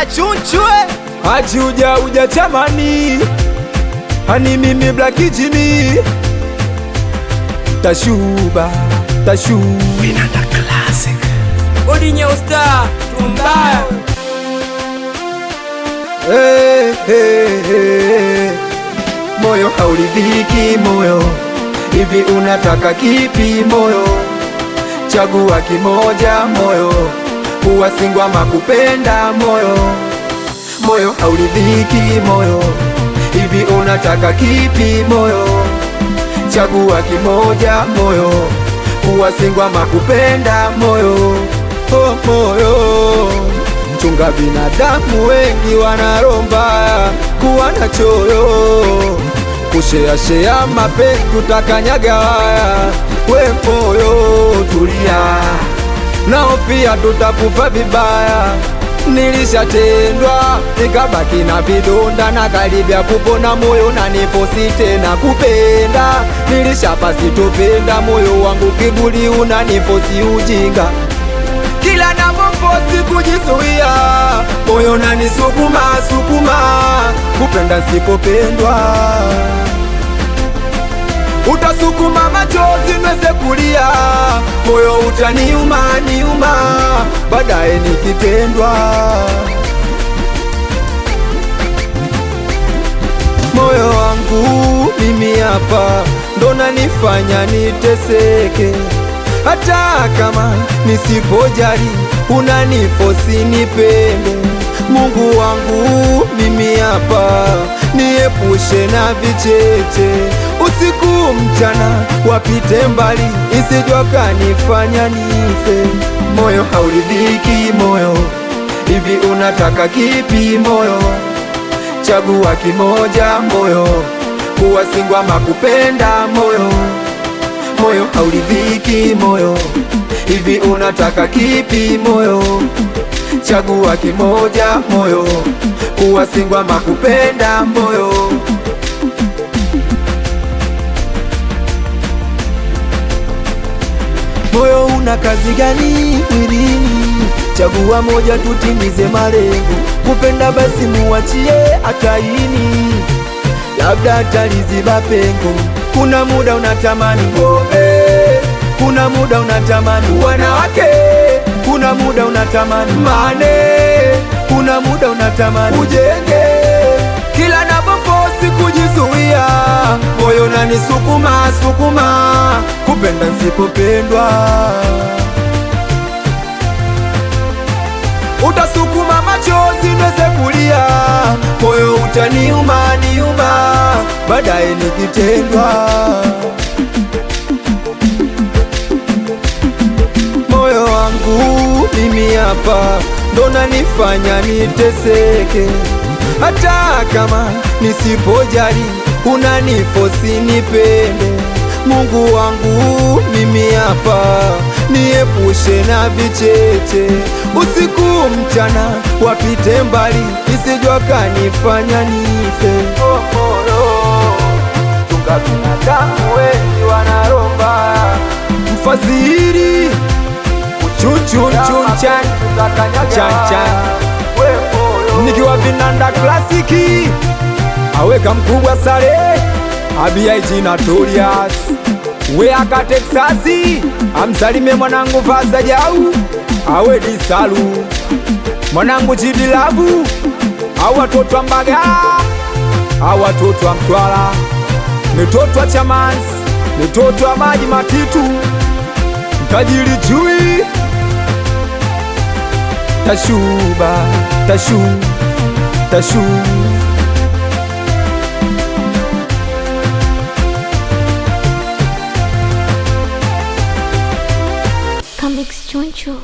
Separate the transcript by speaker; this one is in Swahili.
Speaker 1: achunchwe
Speaker 2: haji uja uja chamani hani mimi Black jini tashuba tashu
Speaker 3: Vinanda Classic
Speaker 1: Odinye Usta tumbaya
Speaker 2: hey, eh, eh, hey, eh. hey. Moyo hauridhiki moyo, hivi unataka kipi moyo? Chagua kimoja moyo kuwa singwa makupenda moyo, moyo hauridhiki moyo, hivi unataka kipi moyo? Chagua kimoja moyo, kuwa singwa makupenda moyo, oh, moyo Mchunga binadamu wengi wanaromba kuwa na choyo, kusheashea mapenzi tutakanyaga waya, we moyo tulia nao pia tutakufa vibaya. Nilishatendwa nikabaki na vidonda na karibia kupona, moyo na nifosi tena kupenda. Nilishapa tupenda moyo wangu kiburi una nifosi ujinga, kila napofosi kujizuia, moyo na nisukuma sukuma kupenda sipopendwa utasukuma machozi nweze kulia, moyo utaniuma niuma, baadaye nikitendwa moyo wangu mimi hapa ndona nifanya niteseke, hata kama nisipojali unanifosi nipende. Mungu wangu mimi hapa niepushe na vicheche usiku mchana wapite mbali, isijwa kanifanya nife. Moyo hauridhiki moyo, hivi unataka kipi moyo? Chagua kimoja moyo, kuwa singwa makupenda moyo. Moyo hauridhiki moyo, hivi unataka kipi moyo? Chagua kimoja moyo, kuwa makupenda kupenda moyo Una kazi gani mwilini? Chagua moja tutimize malengo. Kupenda basi muachie ataini labda ataliziba pengo. Kuna muda unatamani ngoe, kuna muda unatamani wanawake, kuna muda unatamani mane, kuna muda unatamani ujenge. Kila napofosi kujizuia, moyo unanisukuma sukuma kupenda nsipopendwa, utasukuma machozi niweze kulia, moyo utaniuma niuma, baadaye nikitendwa moyo wangu mimi hapa ndona nifanya niteseke, hata kama nisipojali unanifosi nipende Mungu wangu mimi hapa, niepushe na vicheche, usiku mchana wapite mbali, isijwa kanifanya nife. Tunga binadamu wengi wanaromba mfasiri
Speaker 3: nikiwa vinanda klasiki aweka mkubwa sare abiaijina Julius we aka teksasi amsalime mwanangu faza jau awe disalu mwanangu chidilavu awatotwa mbaga awatotwa mtwala mitotwa chamansi mitotwa maji matitu mtajiri jui tashuba tashu tashuba 很久。